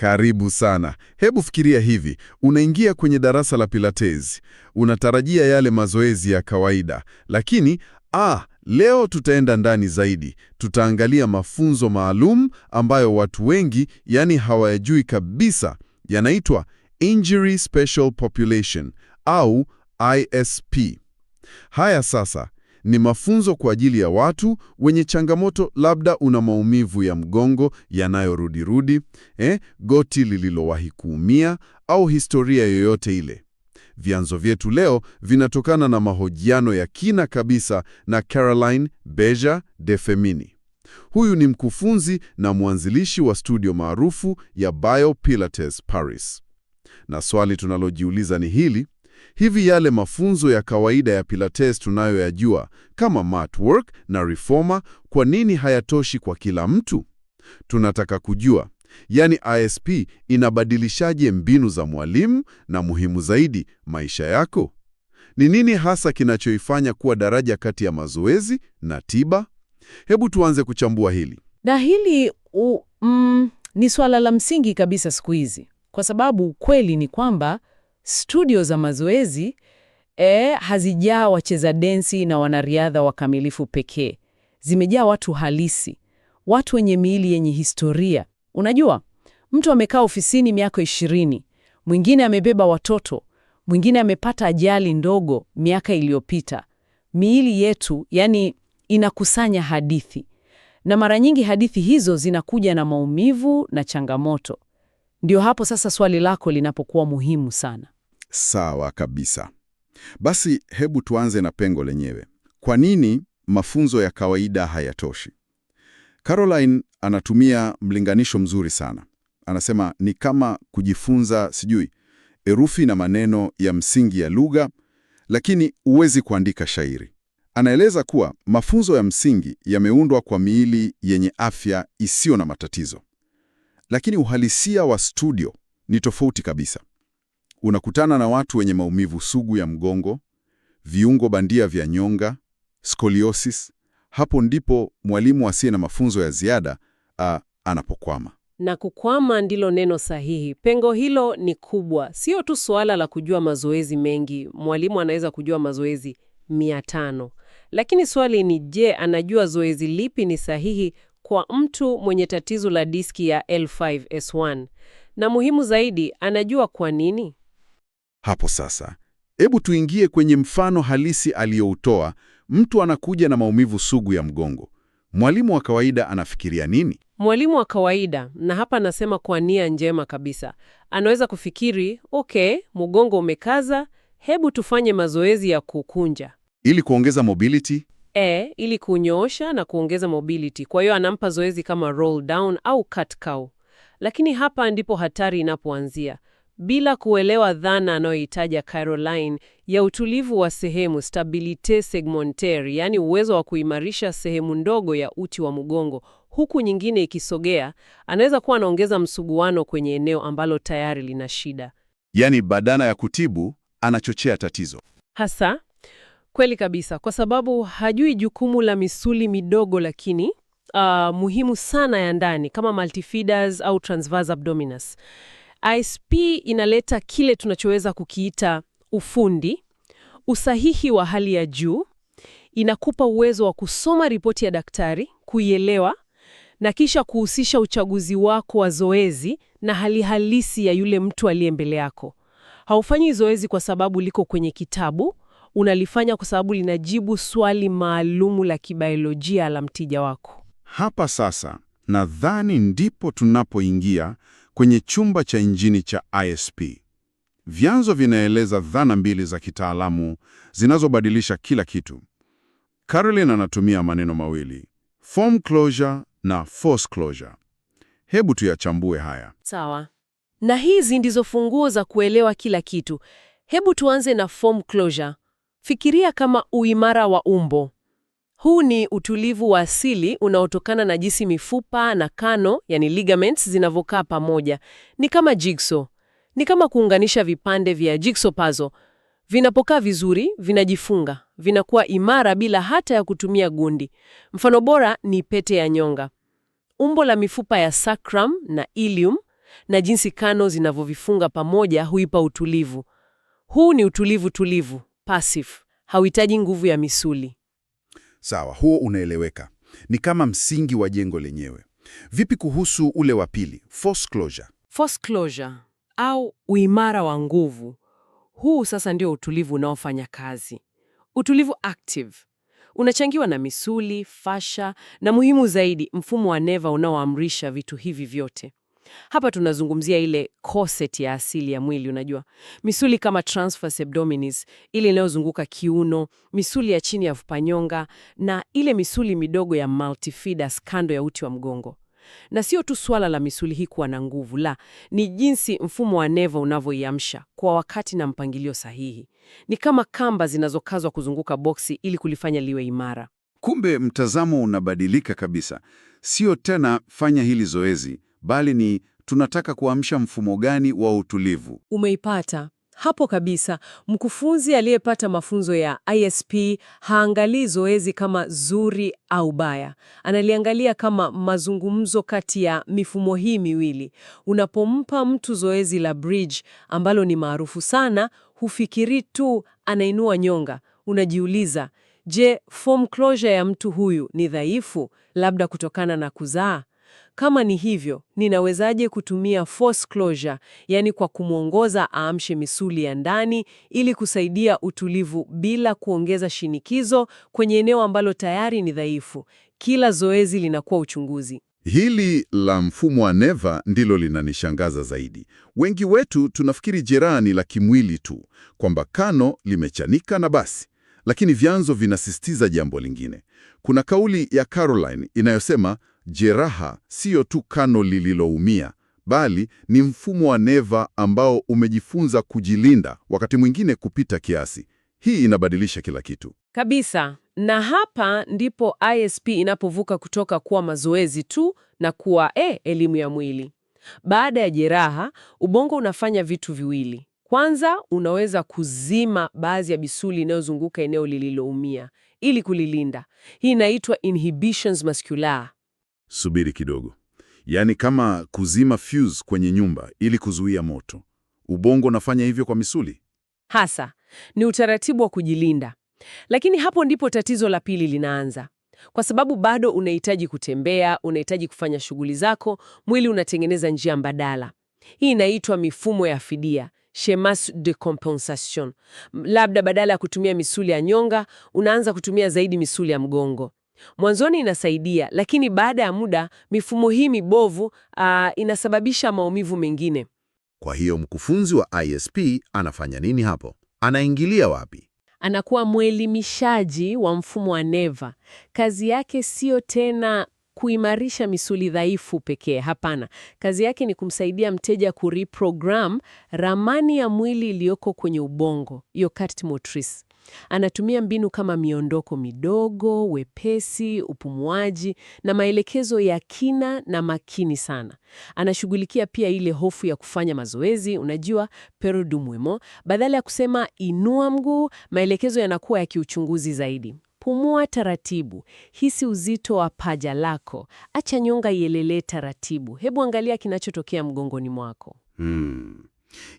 Karibu sana. Hebu fikiria hivi, unaingia kwenye darasa la Pilates, unatarajia yale mazoezi ya kawaida, lakini ah, leo tutaenda ndani zaidi. Tutaangalia mafunzo maalum ambayo watu wengi yani hawayajui kabisa, yanaitwa Injury Special Population au ISP. Haya sasa, ni mafunzo kwa ajili ya watu wenye changamoto, labda una maumivu ya mgongo yanayorudirudi eh, goti lililowahi kuumia au historia yoyote ile. Vyanzo vyetu leo vinatokana na mahojiano ya kina kabisa na Caroline Beja de Femini. Huyu ni mkufunzi na mwanzilishi wa studio maarufu ya Bio Pilates Paris. Na swali tunalojiuliza ni hili: Hivi yale mafunzo ya kawaida ya Pilates tunayoyajua kama mat work na reformer, kwa nini hayatoshi kwa kila mtu? Tunataka kujua yaani ISP inabadilishaje mbinu za mwalimu na muhimu zaidi, maisha yako. Ni nini hasa kinachoifanya kuwa daraja kati ya mazoezi na tiba? Hebu tuanze kuchambua hili. Na hili mm, ni swala la msingi kabisa siku hizi, kwa sababu kweli ni kwamba studio za mazoezi e, hazijaa wacheza densi na wanariadha wakamilifu pekee. Zimejaa watu halisi, watu wenye miili yenye historia. Unajua, mtu amekaa ofisini miaka ishirini, mwingine amebeba watoto, mwingine amepata ajali ndogo miaka iliyopita. Miili yetu yani inakusanya hadithi, na mara nyingi hadithi hizo zinakuja na maumivu na changamoto. Ndio hapo sasa swali lako linapokuwa muhimu sana. Sawa kabisa. Basi hebu tuanze na pengo lenyewe. Kwa nini mafunzo ya kawaida hayatoshi? Caroline anatumia mlinganisho mzuri sana. Anasema ni kama kujifunza sijui herufi na maneno ya msingi ya lugha, lakini huwezi kuandika shairi. Anaeleza kuwa mafunzo ya msingi yameundwa kwa miili yenye afya isiyo na matatizo, lakini uhalisia wa studio ni tofauti kabisa unakutana na watu wenye maumivu sugu ya mgongo, viungo bandia vya nyonga, scoliosis. Hapo ndipo mwalimu asiye na mafunzo ya ziada a, anapokwama. Na kukwama ndilo neno sahihi. Pengo hilo ni kubwa, sio tu suala la kujua mazoezi mengi. Mwalimu anaweza kujua mazoezi mia tano, lakini swali ni je, anajua zoezi lipi ni sahihi kwa mtu mwenye tatizo la diski ya L5S1? Na muhimu zaidi, anajua kwa nini? Hapo sasa, hebu tuingie kwenye mfano halisi aliyoutoa. Mtu anakuja na maumivu sugu ya mgongo. Mwalimu wa kawaida anafikiria nini? Mwalimu wa kawaida, na hapa anasema kwa nia njema kabisa, anaweza kufikiri okay, mgongo umekaza, hebu tufanye mazoezi ya kukunja ili kuongeza mobility e, ili kunyoosha na kuongeza mobility. Kwa hiyo anampa zoezi kama roll down au cat cow, lakini hapa ndipo hatari inapoanzia bila kuelewa dhana anayoitaja Caroline ya utulivu wa sehemu, stabilite segmentaire, yaani uwezo wa kuimarisha sehemu ndogo ya uti wa mgongo huku nyingine ikisogea, anaweza kuwa anaongeza msuguano kwenye eneo ambalo tayari lina shida. Yaani badala ya kutibu, anachochea tatizo. Hasa kweli kabisa, kwa sababu hajui jukumu la misuli midogo lakini uh, muhimu sana ya ndani kama multifidus au transverse abdominis. ISP inaleta kile tunachoweza kukiita ufundi, usahihi wa hali ya juu. Inakupa uwezo wa kusoma ripoti ya daktari, kuielewa na kisha kuhusisha uchaguzi wako wa zoezi na hali halisi ya yule mtu aliye mbele yako. Haufanyi zoezi kwa sababu liko kwenye kitabu, unalifanya kwa sababu linajibu swali maalumu la kibiolojia la mtija wako. Hapa sasa nadhani ndipo tunapoingia kwenye chumba cha injini cha ISP. Vyanzo vinaeleza dhana mbili za kitaalamu zinazobadilisha kila kitu. Caroline anatumia maneno mawili, form closure na force closure. Hebu tuyachambue haya. Sawa. Na hizi ndizo funguo za kuelewa kila kitu. Hebu tuanze na form closure. Fikiria kama uimara wa umbo. Huu ni utulivu wa asili unaotokana na jinsi mifupa na kano, yani ligaments, zinavyokaa pamoja. Ni kama jigsaw, ni kama kuunganisha vipande vya jigsaw puzzle. Vinapokaa vizuri, vinajifunga, vinakuwa imara bila hata ya kutumia gundi. Mfano bora ni pete ya nyonga, umbo la mifupa ya sacrum na ilium na jinsi kano zinavyovifunga pamoja huipa utulivu. Huu ni utulivu tulivu, passive, hauhitaji nguvu ya misuli. Sawa, huo unaeleweka, ni kama msingi wa jengo lenyewe. Vipi kuhusu ule wa pili, force closure? Force closure au uimara wa nguvu, huu sasa ndio utulivu unaofanya kazi. Utulivu active unachangiwa na misuli, fasha na muhimu zaidi, mfumo wa neva unaoamrisha vitu hivi vyote. Hapa tunazungumzia ile corset ya asili ya mwili, unajua misuli kama transverse abdominis, ile inayozunguka kiuno, misuli ya chini ya vupanyonga na ile misuli midogo ya multifidus kando ya uti wa mgongo. Na sio tu swala la misuli hii kuwa na nguvu, la ni jinsi mfumo wa neva unavyoiamsha kwa wakati na mpangilio sahihi. Ni kama kamba zinazokazwa kuzunguka boksi ili kulifanya liwe imara. Kumbe mtazamo unabadilika kabisa, sio tena fanya hili zoezi, bali ni tunataka kuamsha mfumo gani wa utulivu. Umeipata hapo kabisa. Mkufunzi aliyepata mafunzo ya ISP haangalii zoezi kama zuri au baya, analiangalia kama mazungumzo kati ya mifumo hii miwili. Unapompa mtu zoezi la bridge ambalo ni maarufu sana, hufikiri tu anainua nyonga. Unajiuliza, je, form closure ya mtu huyu ni dhaifu, labda kutokana na kuzaa kama ni hivyo, ninawezaje kutumia force closure, yaani kwa kumwongoza aamshe misuli ya ndani ili kusaidia utulivu bila kuongeza shinikizo kwenye eneo ambalo tayari ni dhaifu? Kila zoezi linakuwa uchunguzi. Hili la mfumo wa neva ndilo linanishangaza zaidi. Wengi wetu tunafikiri jeraha ni la kimwili tu, kwamba kano limechanika na basi, lakini vyanzo vinasisitiza jambo lingine. Kuna kauli ya Caroline inayosema Jeraha siyo tu kano lililoumia, bali ni mfumo wa neva ambao umejifunza kujilinda, wakati mwingine kupita kiasi. Hii inabadilisha kila kitu kabisa, na hapa ndipo ISP inapovuka kutoka kuwa mazoezi tu na kuwa e, elimu ya mwili. Baada ya jeraha, ubongo unafanya vitu viwili. Kwanza, unaweza kuzima baadhi ya misuli inayozunguka eneo lililoumia ili kulilinda. Hii inaitwa inhibitions muscular. Subiri kidogo, yaani kama kuzima fuse kwenye nyumba ili kuzuia moto, ubongo unafanya hivyo kwa misuli? Hasa ni utaratibu wa kujilinda, lakini hapo ndipo tatizo la pili linaanza, kwa sababu bado unahitaji kutembea, unahitaji kufanya shughuli zako, mwili unatengeneza njia mbadala. Hii inaitwa mifumo ya fidia schemas de compensation. Labda badala ya kutumia misuli ya nyonga unaanza kutumia zaidi misuli ya mgongo. Mwanzoni inasaidia, lakini baada ya muda mifumo hii mibovu uh, inasababisha maumivu mengine. Kwa hiyo mkufunzi wa ISP anafanya nini hapo? Anaingilia wapi? Anakuwa mwelimishaji wa mfumo wa neva. Kazi yake siyo tena kuimarisha misuli dhaifu pekee. Hapana, kazi yake ni kumsaidia mteja kureprogram ramani ya mwili iliyoko kwenye ubongo, hiyo carte motrice. Anatumia mbinu kama miondoko midogo, wepesi, upumuaji na maelekezo ya kina na makini sana. Anashughulikia pia ile hofu ya kufanya mazoezi, unajua pero du Badala ya kusema inua mguu, maelekezo yanakuwa ya kiuchunguzi zaidi. Pumua taratibu, hisi uzito wa paja lako, acha nyonga ielelee taratibu. Hebu angalia kinachotokea mgongoni mwako. Hmm.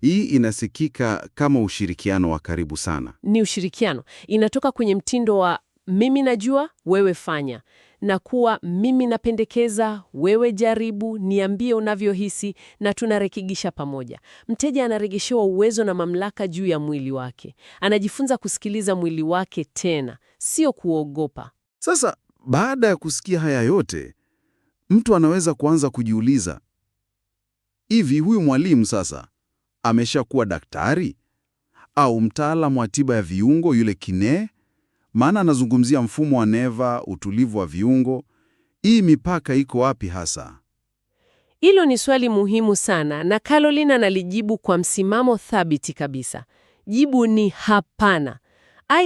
Hii inasikika kama ushirikiano wa karibu sana. Ni ushirikiano, inatoka kwenye mtindo wa mimi najua, wewe fanya, na kuwa mimi napendekeza, wewe jaribu, niambie unavyohisi, na tunarekebisha pamoja. Mteja anarejeshewa uwezo na mamlaka juu ya mwili wake, anajifunza kusikiliza mwili wake tena, sio kuogopa. Sasa baada ya kusikia haya yote, mtu anaweza kuanza kujiuliza, hivi huyu mwalimu sasa ameshakuwa daktari au mtaalamu wa tiba ya viungo yule kinee? Maana anazungumzia mfumo wa neva, utulivu wa viungo. Hii mipaka iko wapi hasa? Hilo ni swali muhimu sana, na Carolina analijibu kwa msimamo thabiti kabisa. Jibu ni hapana.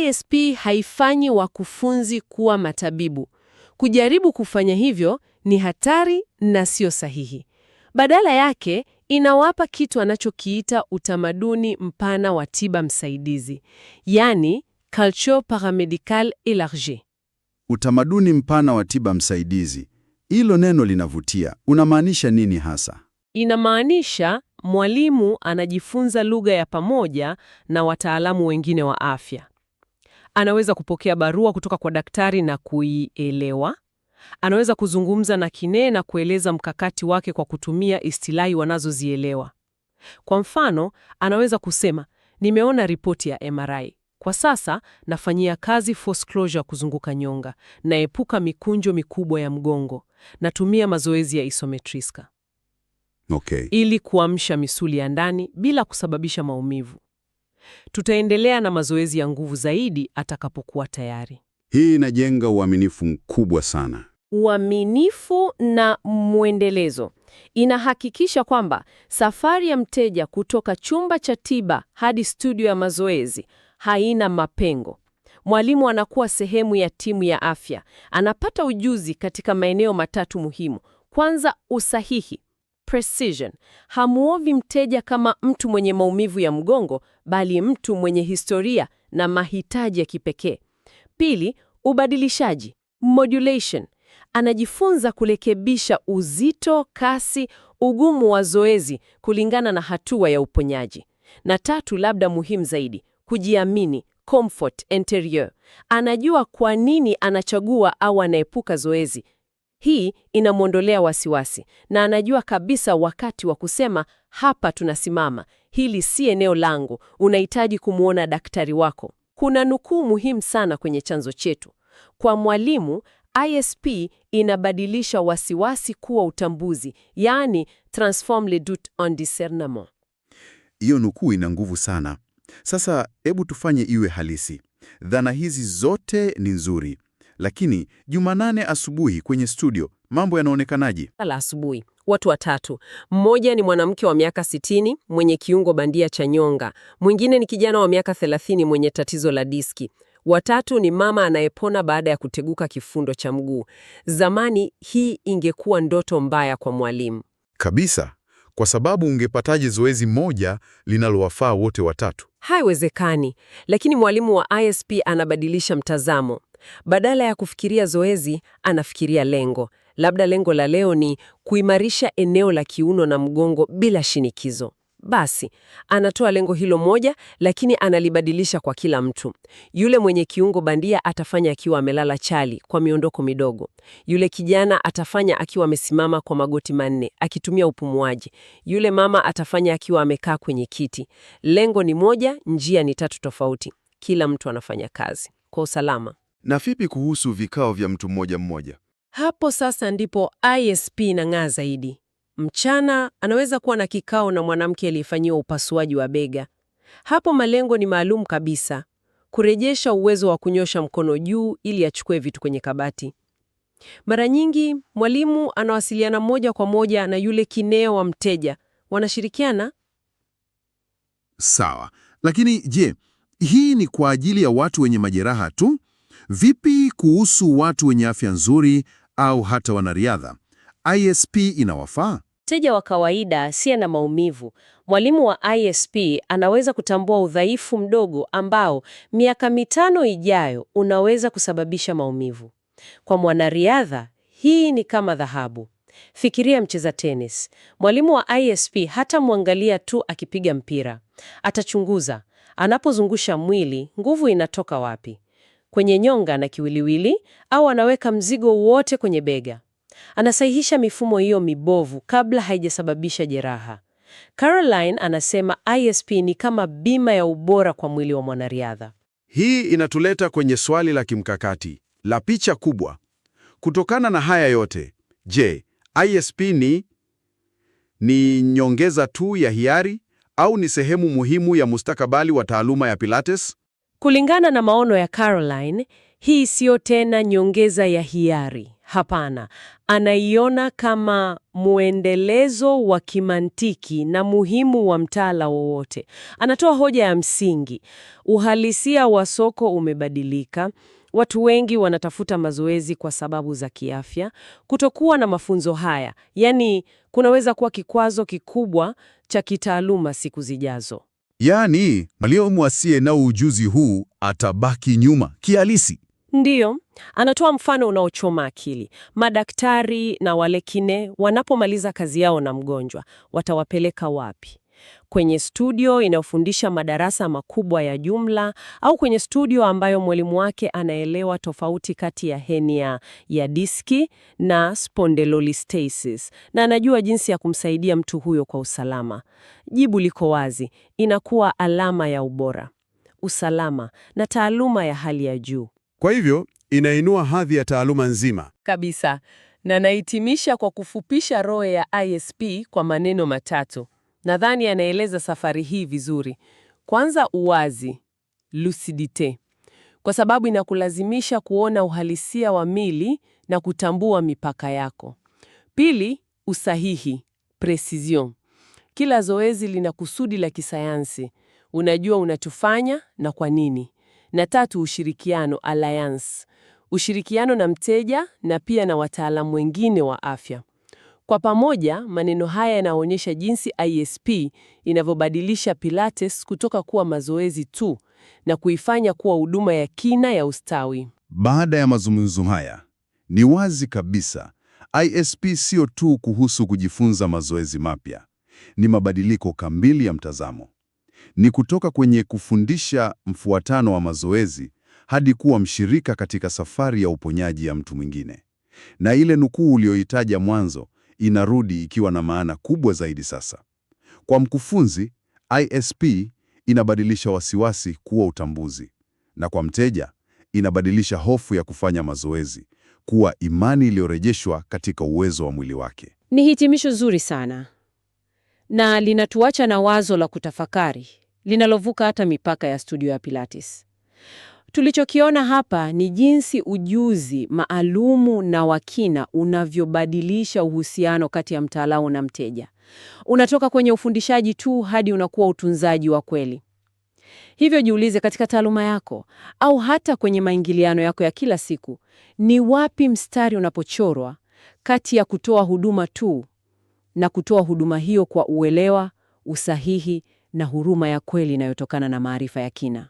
ISP haifanyi wakufunzi kuwa matabibu. Kujaribu kufanya hivyo ni hatari na sio sahihi. Badala yake inawapa kitu anachokiita utamaduni mpana wa tiba msaidizi, yani culture paramedical elargie. Utamaduni mpana wa tiba msaidizi, hilo neno linavutia. Unamaanisha nini hasa? Inamaanisha mwalimu anajifunza lugha ya pamoja na wataalamu wengine wa afya. Anaweza kupokea barua kutoka kwa daktari na kuielewa, anaweza kuzungumza na kinee na kueleza mkakati wake kwa kutumia istilahi wanazozielewa. Kwa mfano, anaweza kusema nimeona ripoti ya MRI, kwa sasa nafanyia kazi force closure kuzunguka nyonga, naepuka mikunjo mikubwa ya mgongo, natumia mazoezi ya isometriska okay, ili kuamsha misuli ya ndani bila kusababisha maumivu. Tutaendelea na mazoezi ya nguvu zaidi atakapokuwa tayari. Hii inajenga uaminifu mkubwa sana uaminifu na mwendelezo. Inahakikisha kwamba safari ya mteja kutoka chumba cha tiba hadi studio ya mazoezi haina mapengo. Mwalimu anakuwa sehemu ya timu ya afya, anapata ujuzi katika maeneo matatu muhimu. Kwanza, usahihi precision. Hamuovi mteja kama mtu mwenye maumivu ya mgongo, bali mtu mwenye historia na mahitaji ya kipekee. Pili, ubadilishaji modulation anajifunza kurekebisha uzito, kasi, ugumu wa zoezi kulingana na hatua ya uponyaji. Na tatu, labda muhimu zaidi, kujiamini comfort interior. Anajua kwa nini anachagua au anaepuka zoezi. Hii inamwondolea wasiwasi na anajua kabisa wakati wa kusema hapa, tunasimama, hili si eneo langu, unahitaji kumwona daktari wako. Kuna nukuu muhimu sana kwenye chanzo chetu. Kwa mwalimu ISP inabadilisha wasiwasi kuwa utambuzi, yaani transform le doute en discernement. Hiyo nukuu ina nguvu sana. Sasa hebu tufanye iwe halisi. Dhana hizi zote ni nzuri, lakini Jumanane asubuhi kwenye studio mambo yanaonekanaje? La asubuhi watu watatu. Mmoja ni mwanamke wa miaka 60 mwenye kiungo bandia cha nyonga, mwingine ni kijana wa miaka 30 mwenye tatizo la diski, Watatu ni mama anayepona baada ya kuteguka kifundo cha mguu. Zamani hii ingekuwa ndoto mbaya kwa mwalimu kabisa, kwa sababu ungepataje zoezi moja linalowafaa wote watatu? Haiwezekani. Lakini mwalimu wa ISP anabadilisha mtazamo. Badala ya kufikiria zoezi, anafikiria lengo. Labda lengo la leo ni kuimarisha eneo la kiuno na mgongo bila shinikizo. Basi anatoa lengo hilo moja, lakini analibadilisha kwa kila mtu. Yule mwenye kiungo bandia atafanya akiwa amelala chali kwa miondoko midogo. Yule kijana atafanya akiwa amesimama kwa magoti manne akitumia upumuaji. Yule mama atafanya akiwa amekaa kwenye kiti. Lengo ni moja, njia ni tatu tofauti. Kila mtu anafanya kazi kwa usalama. Na vipi kuhusu vikao vya mtu mmoja mmoja? Hapo sasa ndipo ISP inang'aa zaidi. Mchana anaweza kuwa na kikao na mwanamke aliyefanyiwa upasuaji wa bega. Hapo malengo ni maalum kabisa, kurejesha uwezo wa kunyosha mkono juu ili achukue vitu kwenye kabati. Mara nyingi mwalimu anawasiliana moja kwa moja na yule kineo wa mteja, wanashirikiana. Sawa, lakini je, hii ni kwa ajili ya watu wenye majeraha tu? Vipi kuhusu watu wenye afya nzuri au hata wanariadha? ISP inawafaa? mteja wa kawaida asiye na maumivu, mwalimu wa ISP anaweza kutambua udhaifu mdogo ambao miaka mitano ijayo unaweza kusababisha maumivu. Kwa mwanariadha, hii ni kama dhahabu. Fikiria mcheza tenis. Mwalimu wa ISP hatamwangalia tu akipiga mpira. Atachunguza anapozungusha mwili, nguvu inatoka wapi? Kwenye nyonga na kiwiliwili, au anaweka mzigo wote kwenye bega? Anasahihisha mifumo hiyo mibovu kabla haijasababisha jeraha. Caroline anasema ISP ni kama bima ya ubora kwa mwili wa mwanariadha. Hii inatuleta kwenye swali la kimkakati la picha kubwa. Kutokana na haya yote, je, ISP ni ni nyongeza tu ya hiari au ni sehemu muhimu ya mustakabali wa taaluma ya Pilates? Kulingana na maono ya Caroline, hii siyo tena nyongeza ya hiari. Hapana, anaiona kama muendelezo wa kimantiki na muhimu wa mtaala wowote. Anatoa hoja ya msingi: uhalisia wa soko umebadilika, watu wengi wanatafuta mazoezi kwa sababu za kiafya. Kutokuwa na mafunzo haya, yani, kunaweza kuwa kikwazo kikubwa cha kitaaluma siku zijazo. Yaani, mwalimu asiye na ujuzi huu atabaki nyuma kihalisi. Ndiyo, anatoa mfano unaochoma akili. Madaktari na wale kine wanapomaliza kazi yao na mgonjwa, watawapeleka wapi? Kwenye studio inayofundisha madarasa makubwa ya jumla au kwenye studio ambayo mwalimu wake anaelewa tofauti kati ya henia ya diski na spondylolisthesis na anajua jinsi ya kumsaidia mtu huyo kwa usalama. Jibu liko wazi, inakuwa alama ya ubora, usalama na taaluma ya hali ya juu. Kwa hivyo inainua hadhi ya taaluma nzima kabisa, na nahitimisha kwa kufupisha roho ya ISP kwa maneno matatu. Nadhani anaeleza safari hii vizuri. Kwanza, uwazi lucidite, kwa sababu inakulazimisha kuona uhalisia wa mili na kutambua mipaka yako. Pili, usahihi precision. Kila zoezi lina kusudi la kisayansi, unajua unachofanya na kwa nini. Na tatu, ushirikiano alliance, ushirikiano na mteja na pia na wataalamu wengine wa afya. Kwa pamoja, maneno haya yanaonyesha jinsi ISP inavyobadilisha Pilates kutoka kuwa mazoezi tu na kuifanya kuwa huduma ya kina ya ustawi. Baada ya mazungumzo haya, ni wazi kabisa ISP sio tu kuhusu kujifunza mazoezi mapya, ni mabadiliko kamili ya mtazamo ni kutoka kwenye kufundisha mfuatano wa mazoezi hadi kuwa mshirika katika safari ya uponyaji ya mtu mwingine. Na ile nukuu uliyoitaja mwanzo inarudi ikiwa na maana kubwa zaidi sasa. Kwa mkufunzi, ISP inabadilisha wasiwasi kuwa utambuzi, na kwa mteja inabadilisha hofu ya kufanya mazoezi kuwa imani iliyorejeshwa katika uwezo wa mwili wake. Ni hitimisho zuri sana na linatuacha na wazo la kutafakari linalovuka hata mipaka ya studio ya Pilates. Tulichokiona hapa ni jinsi ujuzi maalumu na wakina unavyobadilisha uhusiano kati ya mtaalamu na mteja. Unatoka kwenye ufundishaji tu hadi unakuwa utunzaji wa kweli. Hivyo jiulize, katika taaluma yako au hata kwenye maingiliano yako ya kila siku, ni wapi mstari unapochorwa kati ya kutoa huduma tu na kutoa huduma hiyo kwa uelewa, usahihi na huruma ya kweli inayotokana na maarifa ya kina.